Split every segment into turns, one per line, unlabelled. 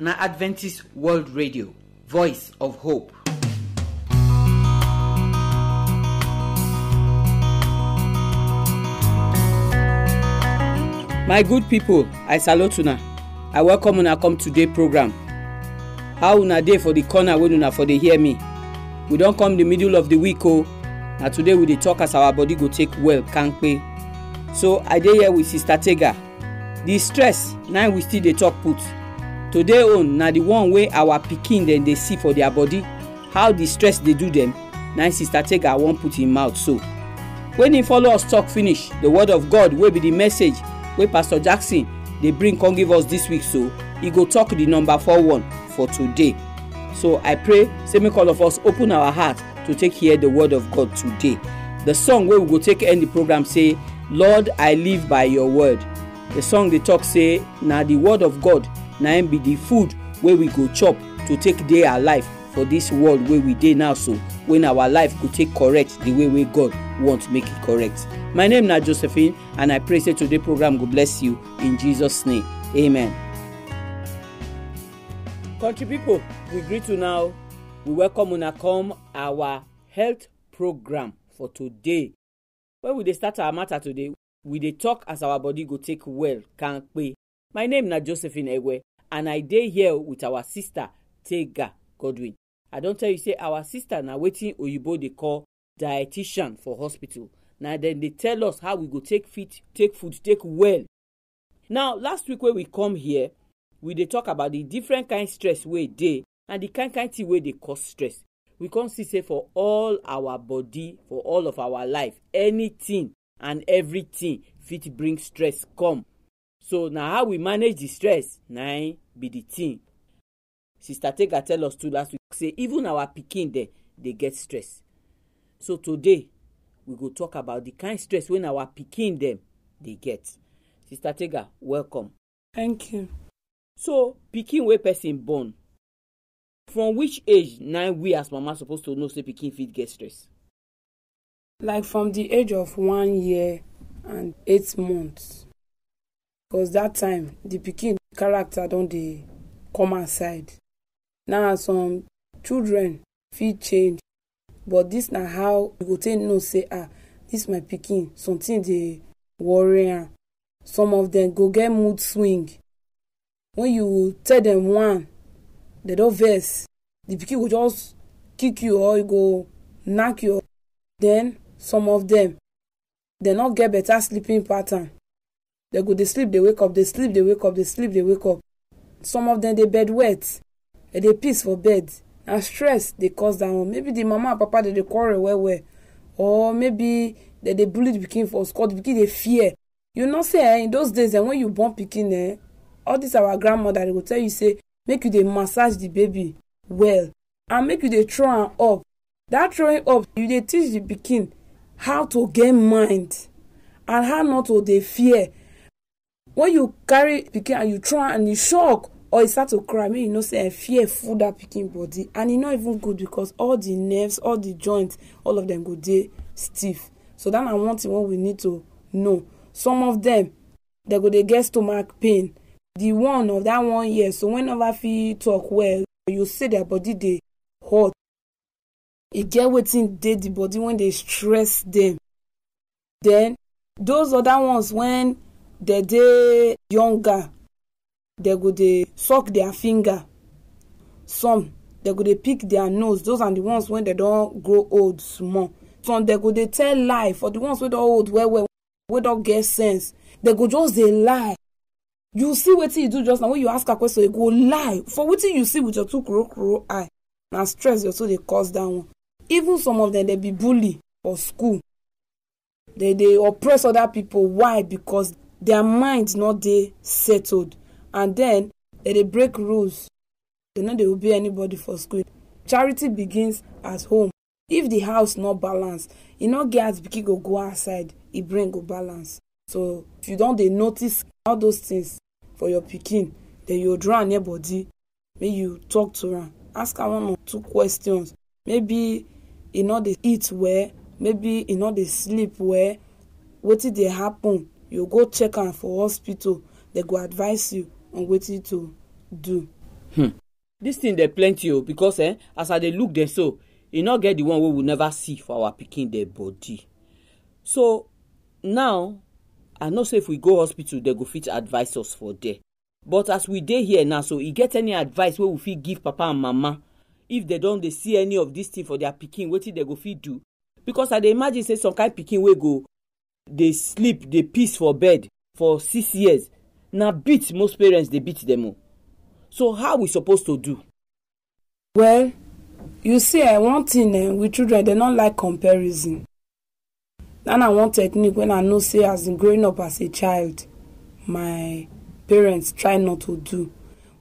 na adventist world radio voice of hope my good people i salute una i welcome una come today program how una dey for the corner wey una for dey hear me we don come the middle of the week o oh. na today we dey talk as our body go take well kampe so i dey here with sister tega the stress na we still dey talk put today own na the one wey our pikin dem dey see for their body how the stress dey do dem na im sister tega wan put him mouth so when im follow us talk finish the word of god wey be the message wey pastor jackson dey bring come give us this week so he go talk the number four one for today so i pray say make all of us open our heart to take hear the word of god today the song wey we go take end the program say lord i live by your word the song dey talk say na the word of god na im be the food wey we go chop to take dey alive for this world wey we dey now so when our life go take correct the way wey god want make e correct my name na josephine and i pray say today program go bless you in jesus name amen. country pipo we greet you now. we welcome una come our health program for today when we dey start our matter today we dey talk as our body go take well kampe My name na Josephine Egwe, and I dey here with our sister Tega Godwin. I don tell you say our sister na wetin oyibo dey call dietitian for hospital. Na dem dey tell us how we go take fit, take food, take well. Now last week wey we come here, we dey talk about the different kind stress wey dey and the kind kind thing wey dey cause stress. We come see say for all our body, for all of our life, anything and everything fit bring stress come so na how we manage the stress na eh, be the thing sister tega tell us too last week say even our pikin dem dey get stress so today we go talk about the kind stress wey our pikin dem dey get sister tega welcome. thank you. so pikin wey person born from which age na eh, we as mama suppose to know say pikin fit get stress.
like from the age of one year and eight months cos that time the pikin character don dey come outside now some children fit change but this na how you go take know say ah This my pikin something dey worry am some of them go get mood swing when you tell them one they don vex the pikin go just kick you or e go knack you then some of them dem no get better sleeping pattern They go They sleep They wake up They sleep They wake up They sleep They wake up some of them, they bed wet and they piss for bed And stress they cause dat one maybe the mama and papa they dey quarrel well well or maybe dem dey bully the pikin for school the pikin dey fear you know say eh in those days And eh, when you born picking, eh all this our grandmother dey will tell you say make you they massage the baby well and make you they throw am up that throwing up you they teach the pikin how to get mind and how not to they fear when you carry pikin and you try and you shock or you start to cry make you know say fear full that pikin body and e no even good because all the nerves all the joints all of them go dey stiff so that na one thing wey we need to know some of them they go dey get stomach pain the one of that one year so whenever never fit talk well you say their body dey hot e get wetin dey the body when dey stress them then those other ones when dem dey younger dem go dey suck their finger some dem go dey pick their nose those are the ones wey dem don grow old small some dem go dey tell lie for the ones wey don old well well wey don get sense dem go just dey lie you see wetin you do just now when you ask her question you go lie for wetin you see with your two kuro kuro eye na stress your two dey cause that one even some of them dey be bully for school they dey oppress other people why because their mind not they settled and then they break rules dem no dey obey anybody for school charity begins at home if the house not balanced, you e no get because go go outside e bring go balance so if you don't, they notice all those things for your picking. then you draw am near body make you talk to am ask am one or two questions maybe you e know they eat well maybe you e know they sleep well did they happen you go check am for hospital dem go advise you on wetin to do.
Hmm. this thing dey plenty o because eh, as i dey look dem so e no get the one wey we never see for our pikin dem body so now i know say if we go hospital dem go fit advise us for there but as we dey here now so e get any advice wey we fit give papa and mama if dem don dey see any of this thing for their pikin wetin dem go fit do because i dey imagine say some kind pikin wey go dey sleep dey peace for bed for six years na beat most parents dey beat dem o so how we suppose to do.
well you see eh one thing eh with children dem no like comparison that na one technique wey i know say as growing up as a child my parents try not to do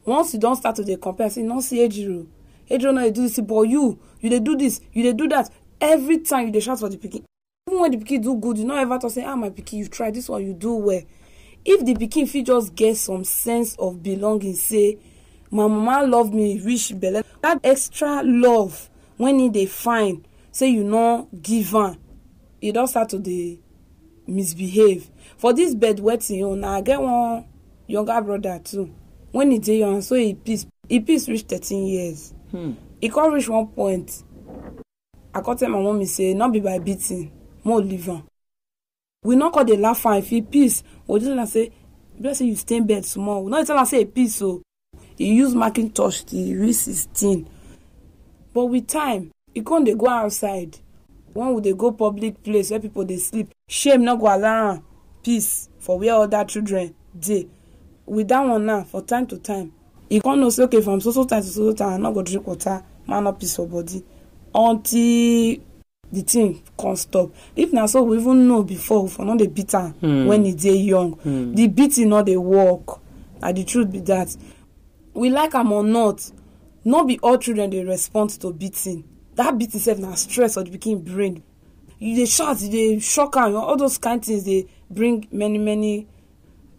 once you don start to dey compare say you don see ejiro ejiro no dey do this but you you dey do this you dey do that every time you dey shout for the pikin even when the pikin do good you no ever talk say ah my pikin you try this one you do well if the pikin fit just get some sense of belonging say my mama love me reach belle that extra love when e dey find say you no give am e don start to dey misbehave for this bed wetting o oh, na get one younger brother too when e dey young so e peace e peace reach thirteen years hmm. e hmm. come reach one point i come tell my mummy say no be by beating more leave am we not call the laugh am feel peace we just tell am say bless you stay in bed small we not dey tell am say e peace o oh. e use macintosh wrist is thin. but with time he come dey go outside when would they go public place where people they sleep shame not go allow peace for where other children dey with that one now for time to time He come know say okay from so so time to so so time i no go drink water man no peace for body until the thing come stop if na so we even know before for no dey beat am mm. when e dey young mm. the beating no dey work na the truth be that we like am or not no be all children dey respond to beating that beating sef na stress for the pikin brain you dey shout you dey shock am all those kind things dey bring many many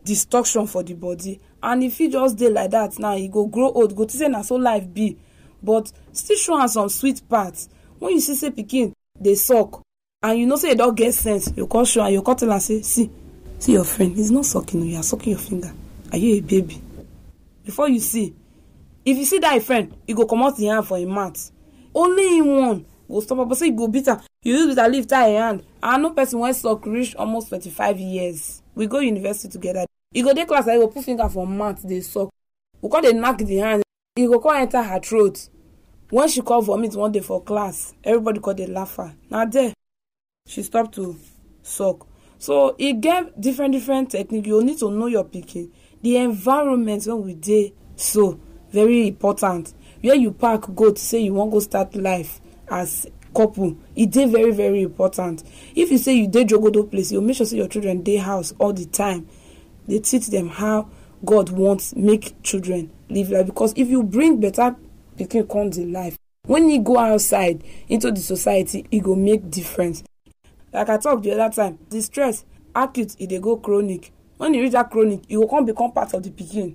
destruction for the body and if fit just dey like that now e go grow old go think say na so life be but still show am some sweet parts when you see say pikin dey suck and you know say you don get sense you come show am you come tell am say see see your friend he's not sucking you are sucking your finger are you a baby before you see if you see that friend he go comot him hand for him mouth only him one go stop am but say he go beat am you use bitter leaf tie him hand i know person wey suck reach almost twenty-five years we go university together He go dey class and e go put finger for mouth dey suck we come dey knack the hand He go come enter her throat wen she come vomit one day for class everybody come dey laugh her na there she stop to suck so e get different different technique you need to know your pikin the environment wey we dey so very important where you pack goat say you wan go start life as couple e dey very very important if you say you dey jogodo place you make sure say your children dey house all the time dey teach them how god want make children live life because if you bring better pikin come dey life when e go outside into the society e go make difference like i talk the other time the stress acute e dey go chronic when e reach that chronic e go come become part of the pikin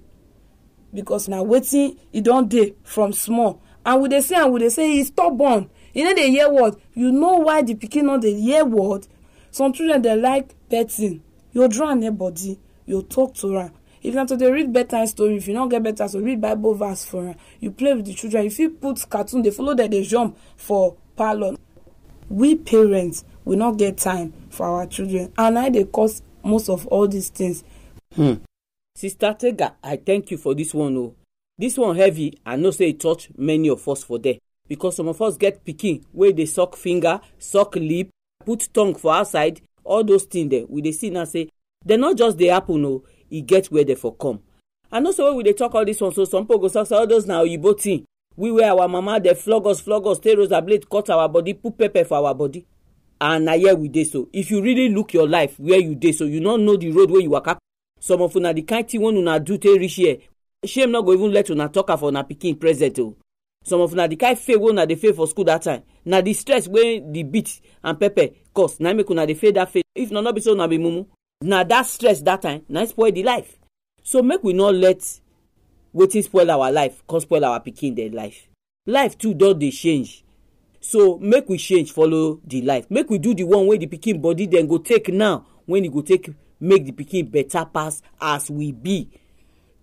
because na wetin e don dey from small and we dey say and we dey say e stubborn e no dey hear word you know why the pikin no dey hear word some children dey like petting you draw am near body you talk to am if na to dey read bedtime story if you no get bedtime so read bible verse for am you play with the children If you put cartoon they follow that they jump for parlor. we parents we not get time for our children and I, they cause most of all these things. Hmm. sister tega
i thank you for this one oh. this one heavy i know say e touch many of us for there because some of us get pikin wey dey suck finger suck lip put tongue for outside all those things dem we dey see now say dem no just dey happen o oh e get where they for come i know say we dey talk all this one so some people go talk say all those na oyibo thing we wear our mama dey flog us flog us take razor blade cut our body put pepper for our body and na here we dey so if you really look your life where you dey so you no know the road where you waka some of una the kind thing wey una do take reach here shame no go even let una talk am for una pikin present o oh. some of una the kind fail wey una dey fail for school that time na the stress wey the beat and pepper cause na make una dey fail that fail if na no be so una be mumu na that stress that time na spoil the life so make we not let wetin spoil our life come spoil our pikin dem life life too don dey change so make we change follow the life make we do the one wey the pikin body dem go take now when e go take make the pikin better pass as we be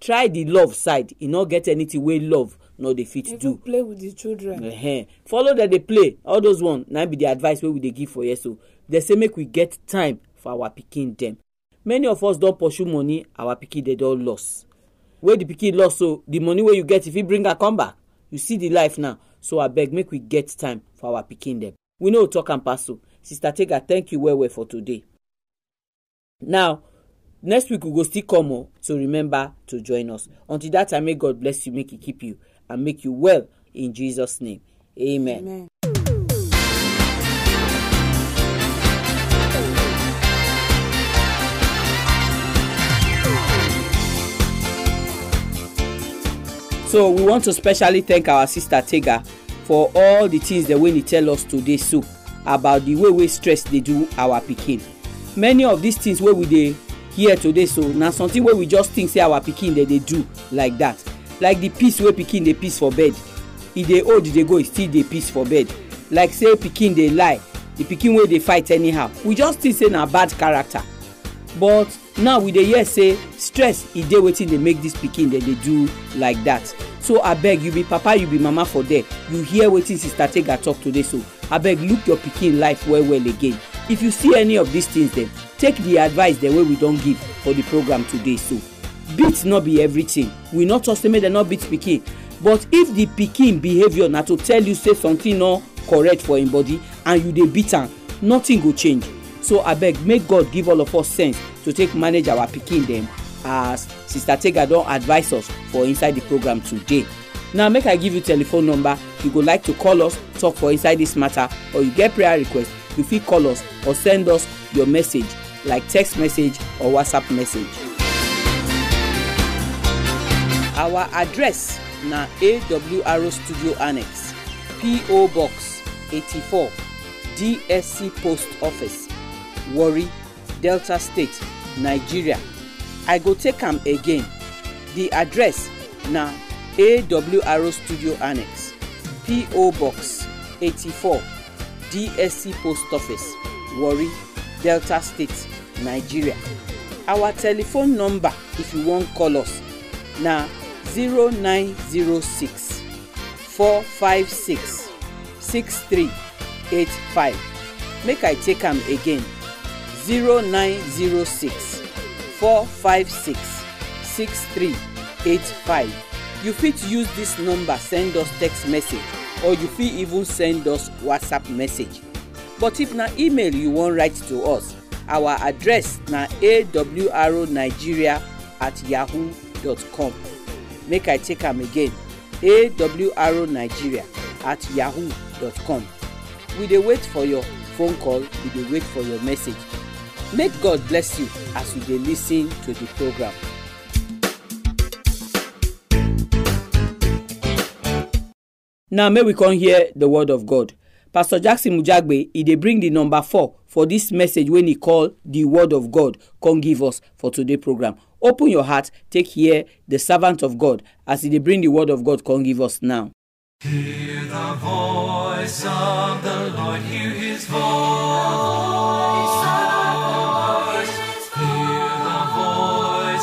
try the love side e no get anything wey love no dey fit do. even play with the children. Uh -huh. follow dem dey play all those one na be the advice wey we dey give for here so dey say make we get time for our pikin dem many of us don pursue money our pikin dey don loss wey the pikin loss so the money wey you get you fit bring her come back you see the life now so abeg make we get time for our pikin dem we no talk am pass o sister tega thank you well well for today now next week we go still come oh, o so remember to join us until that time may god bless you make he keep you and make you well in jesus name amen. amen. so we want to specially thank our sister tega for all the things dem wey dey tell us today so about the way wey stress dey do our pikin many of these things wey we dey here today so na something wey we just think say our pikin dey dey do like that like the peace wey pikin dey peace for bed e dey old e dey go e still dey peace for bed like say pikin dey lie the pikin wey dey fight anyhow we just think say na bad character but now we dey hear say stress e dey wetin dey make this pikin dem dey do like that. so abeg you be papa you be mama for there you hear wetin sister tega talk today so abeg look your pikin life well well again if you see any of these things dem take the advice dem wey we don give for the program today so beat no be everything we no talk say make dem no beat pikin but if the pikin behaviour na to tell you say something no correct for im body and you dey beat am nothing go change so abeg make god give all of us sense to take manage our pikin dem as sister tega don advise us for inside the program today now make i give you telephone number you go like to call us talk for inside this matter or you get prayer request you fit call us or send us your message like text message or whatsapp message. our address na awro studio annex po box eighty-four dsc post office warri delta state nigeria i go take am again The address na awr studio annex po box 84 dsc post office warri delta state nigeria our telephone number if you wan call us na three eight five. make i take am again zero nine zero six four five six six three eight five you fit use this number send us text message or you fit even send us whatsapp message but if na email you wan write to us our address na awrnigeria at yahoo dot com make i take am again awrnigeria at yahoo dot com we dey wait for your phone call we dey wait for your message May God bless you as you listen to the program. Now may we come hear the word of God. Pastor Jackson Mujagbe, he they bring the number four for this message when he call the word of God come give us for today program. Open your heart, take hear the servant of God as he dey bring the word of God come give us now. Hear
the voice of the Lord, hear his voice.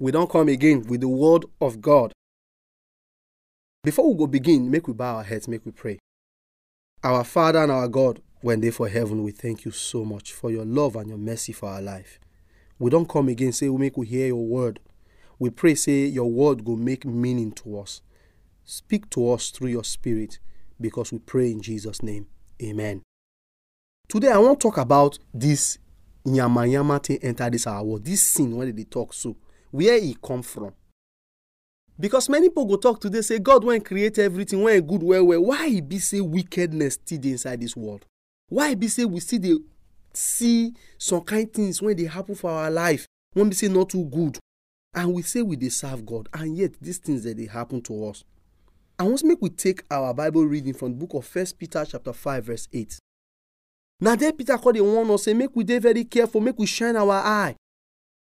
we don't come again with the word of God. Before we go begin, make we bow our heads, make we pray. Our Father and our God, when they for heaven, we thank you so much for your love and your mercy for our life. We don't come again, say we make we hear your word. We pray, say your word will make meaning to us. Speak to us through your spirit, because we pray in Jesus' name. Amen. Today I want to talk about this nyama thing enter this our world. This sin when they talk so. where he come from because many people go talk today say god wen create everything when good well well why e be say wickedness still dey inside this world why e be say we still dey see some kind things wey dey happen for our life wey be say not too good and we say we dey serve god and yet these things dey dey happen to us i want make we take our bible reading from the book of first peter chapter five verse eight na there peter come dey warn us say make we dey very careful make we shine our eye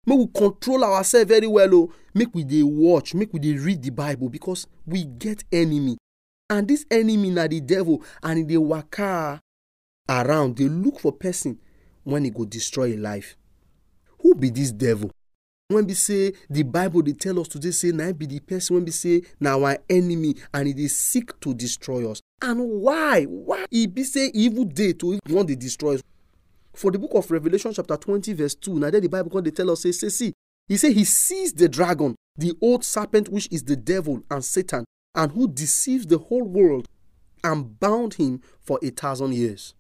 make we control ourselves very well o oh. make we dey watch make we dey read the bible because we get enemy and this enemy na the devil and e dey waka around dey look for person when e go destroy im life who be this devil when be say the bible dey tell us today say na be the person when be say na our enemy and e dey seek to destroy us and why why e be say evil dey to wan dey destroy us for the book of Revelation, chapter 20, verse 2, now there the Bible God, they tell us, say, say, see, he said he sees the dragon, the old serpent, which is the devil and Satan, and who deceives the whole world, and bound him for a thousand years.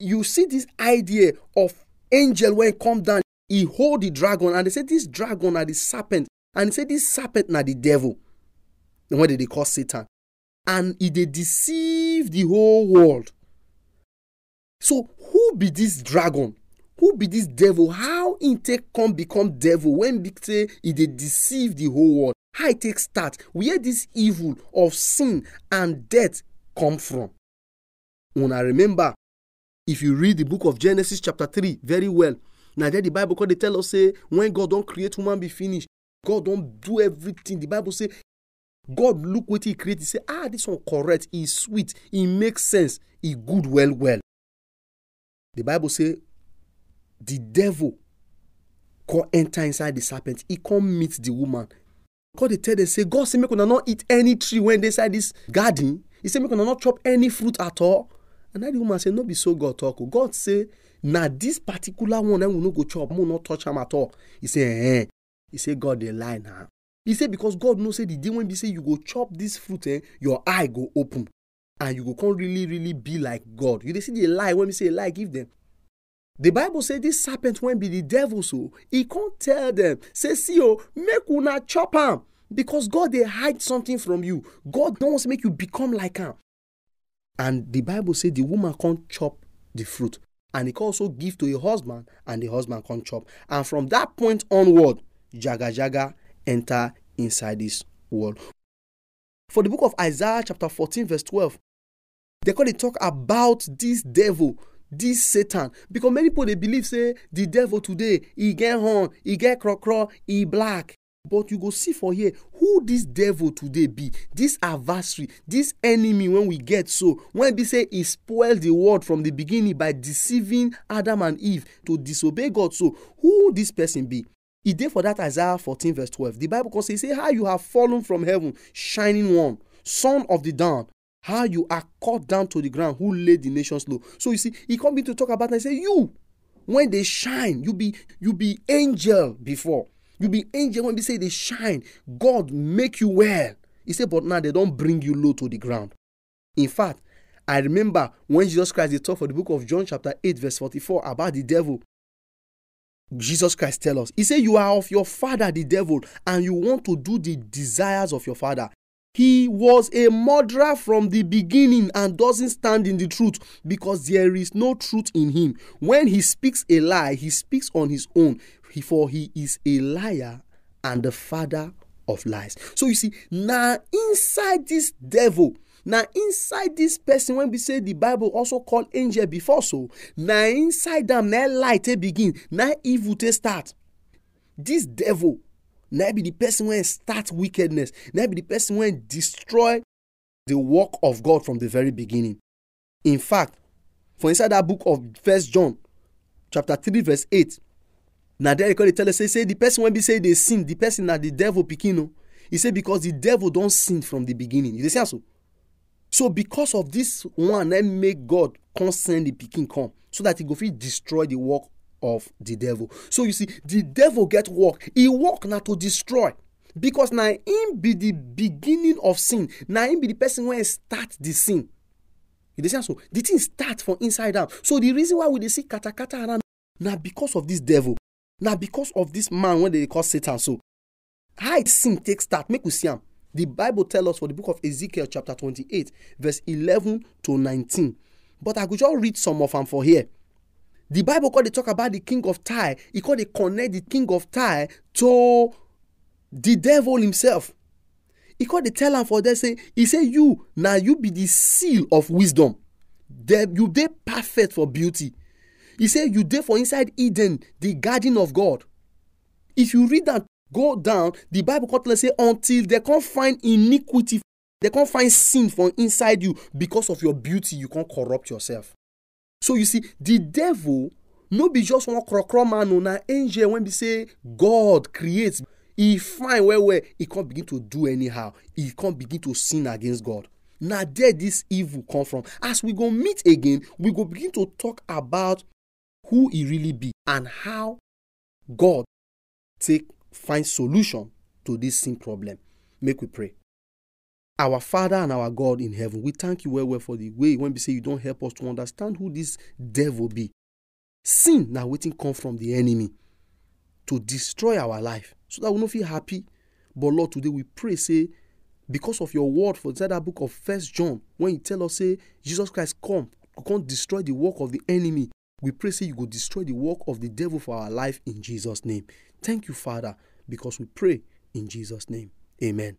You see this idea of angel when come down, he hold the dragon, and they said this dragon are the serpent, and he said this serpent are the devil. And what did they call Satan? And he they deceive the whole world. So, who be this dragon? Who be this devil? How in take come become devil when big say he they deceive the whole world? How it take start? Where this evil of sin and death come from? When I remember, if you read the book of Genesis chapter 3 very well, now there the Bible could tell us say when God don't create woman be finished? God don't do everything. The Bible say God look what he create, he say ah this one correct, he's sweet, He makes sense, He good well well. The Bible say the devil come enter inside the serpent. He come meet the woman. Come they tell them say God say make una not eat any tree when they inside this garden. He say make una not chop any fruit at all. And that the woman say no be so God talk. Oh. God say na this particular one then we no go chop. Mo not touch am at all. He say eh. He say God dey lie now. He say because God know say the day when be say you go chop this fruit eh, your eye go open and you go come really really be like god you dey see the lie when we say lie give them the bible say this serpent when be the devil so he come tell them say see o oh, make una chop am because god dey hide something from you god don want make you become like am and the bible say the woman come chop the fruit and he come also give to her husband and the husband come chop and from that point onward jaga jaga enter inside this world for the book of isaiah chapter fourteen verse twelve They call it talk about this devil, this Satan. Because many people they believe say the devil today, he get horn, he get cro cro, he black. But you go see for here who this devil today be, this adversary, this enemy when we get so. When be say he spoil the world from the beginning by deceiving Adam and Eve to disobey God. So who this person be? E dey for that Isaiah fourteen verse twelve. The Bible can say, say, how you have fallen from heaven, shining one, son of the dawn, how you are cut down to the ground who laid the nations low so you see he come in to talk about and say you when they shine you be you be angel before you be angel when we say they shine god make you well he said, but now they don't bring you low to the ground in fact i remember when jesus christ dey talk for the book of john chapter 8 verse 44 about the devil jesus christ tell us he said, you are of your father the devil and you want to do the desires of your father He was a murderer from the beginning and doesn't stand in the truth because there is no truth in him. When he speaks a lie, he speaks on his own, for he is a liar and the father of lies. So you see, now inside this devil, now inside this person, when we say the Bible also called angel before, so now inside them, now light begin, now evil they start. This devil na be the person when start wickedness na be the person when destroy the work of god from the very beginning in fact for inside that book of first john chapter three verse eight na there e come dey tell us say say the person wey be say dey sin the person na the devil pikin o he say because the devil don sin from the beginning you dey see am so so because of this one na make god come send the pikin come so that he go fit destroy the work of the devil. So you see, the devil get work. He work now to destroy. Because now him be the beginning of sin. Now him be the person when start the sin. You understand? So the thing start from inside out. So the reason why we dey see katakata around now because of this devil. Now because of this man when they call Satan. So how it sin take start? Make we see him. The Bible tell us for the book of Ezekiel chapter twenty-eight, verse eleven to nineteen. But I could just read some of them for here the bible come dey talk about the king of tyre e come dey connect the king of tyre to the devil himself e come dey tell am for there say e say you na you be the seal of wisdom there you dey perfect for beauty e say you dey for inside eden the garden of god if you read am go down the bible come tell us say until they come find iniquity they come find sin for inside you because of your beauty you come corrupt yourself so you see the devil no be just one krokro man o na angel wey be say god create e fine well well e come begin to do anyhow e come begin to sin against god na there this evil come from as we go meet again we go begin to talk about who e really be and how god take find solution to this sin problem make we pray our Father and our God in heaven, we thank you well, well for the way when we say you don't help us to understand who this devil be. Sin now waiting come from the enemy to destroy our life so that we not feel happy. But Lord, today we pray, say, because of your word for the book of First John, when you tell us, say, Jesus Christ come, come destroy the work of the enemy. We pray, say, you go destroy the work of the devil for our life in Jesus' name. Thank you, Father, because we pray in Jesus' name. Amen.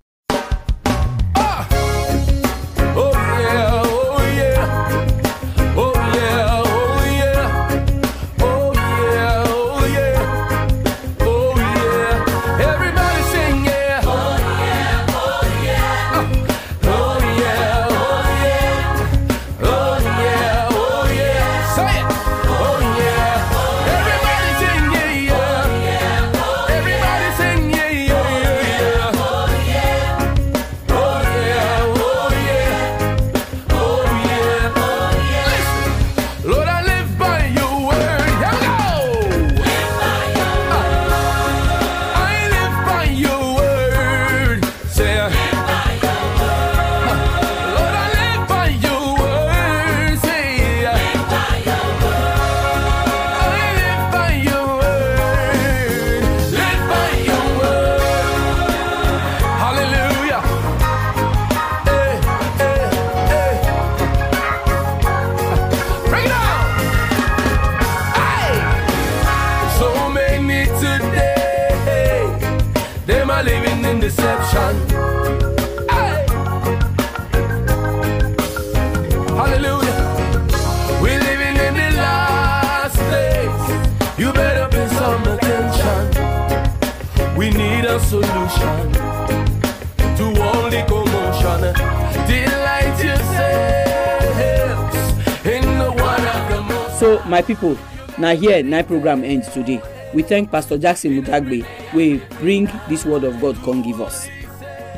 my people na here nine program end today we thank pastor jackson mutagbe wey bring this word of god come give us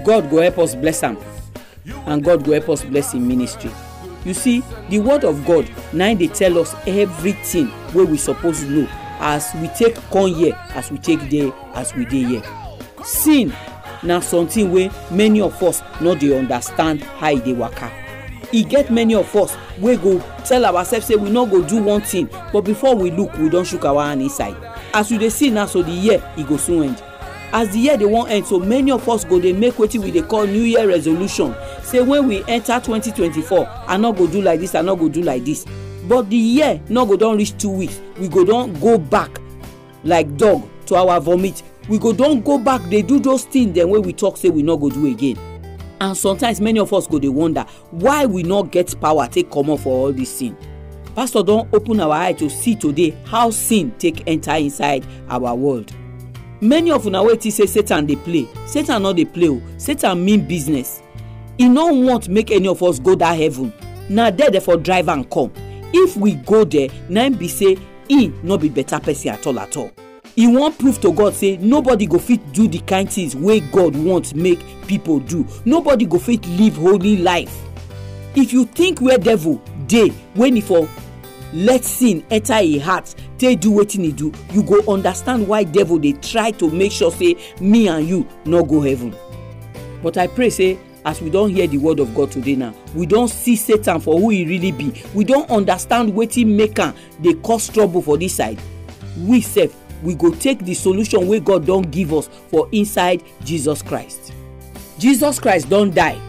god go help us bless am and god go help us bless him ministry you see the word of god na dey tell us everything wey we suppose know as we take come here as we take dey as we dey here sin na something wey many of us no dey understand how e dey waka e get many of us wey go tell ourselves say we no go do one thing but before we look we don shook our hand inside as you dey see now so the year e go soon end as the year dey wan end so many of us go dey make wetin we dey call new year resolution say when we enter 2024 i no go do like this i no go do like this but the year no go don reach two weeks we go don go back like dog to our vomit we go don go back dey do those things dem wey we talk say we no go do again and sometimes many of us go dey wonder why we no get power take comot for all this sin pastor don open our eye to see today how sin take enter inside our world many of una wey think say satan dey play satan no dey play o satan mean business e no want make any of us go that heaven na there dey for drive am come if we go there na be say e no be better person at all at all He wan prove to god say nobody go fit do the kind things wey god want make people do nobody go fit live holy life if you think where devil dey when e for let sin enter e heart take do wetin e do you go understand why devil dey try to make sure say me and you no go heaven but i pray say as we don hear the word of god today now we don see satan for who he really be we don understand wetin make am dey cause trouble for this side we sef we go take the solution wey god don give us for inside jesus christ jesus christ don die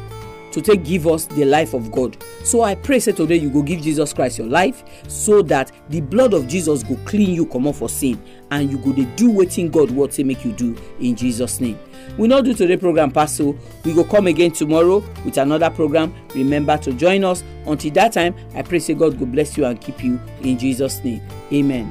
to take give us the life of god so i pray say today you go give jesus christ your life so that the blood of jesus go clean you comot for sin and you go dey do wetin god word say make you do in jesus name we no do today program pass o we go come again tomorrow with another program remember to join us until that time i pray say god go bless you and keep you in jesus name amen.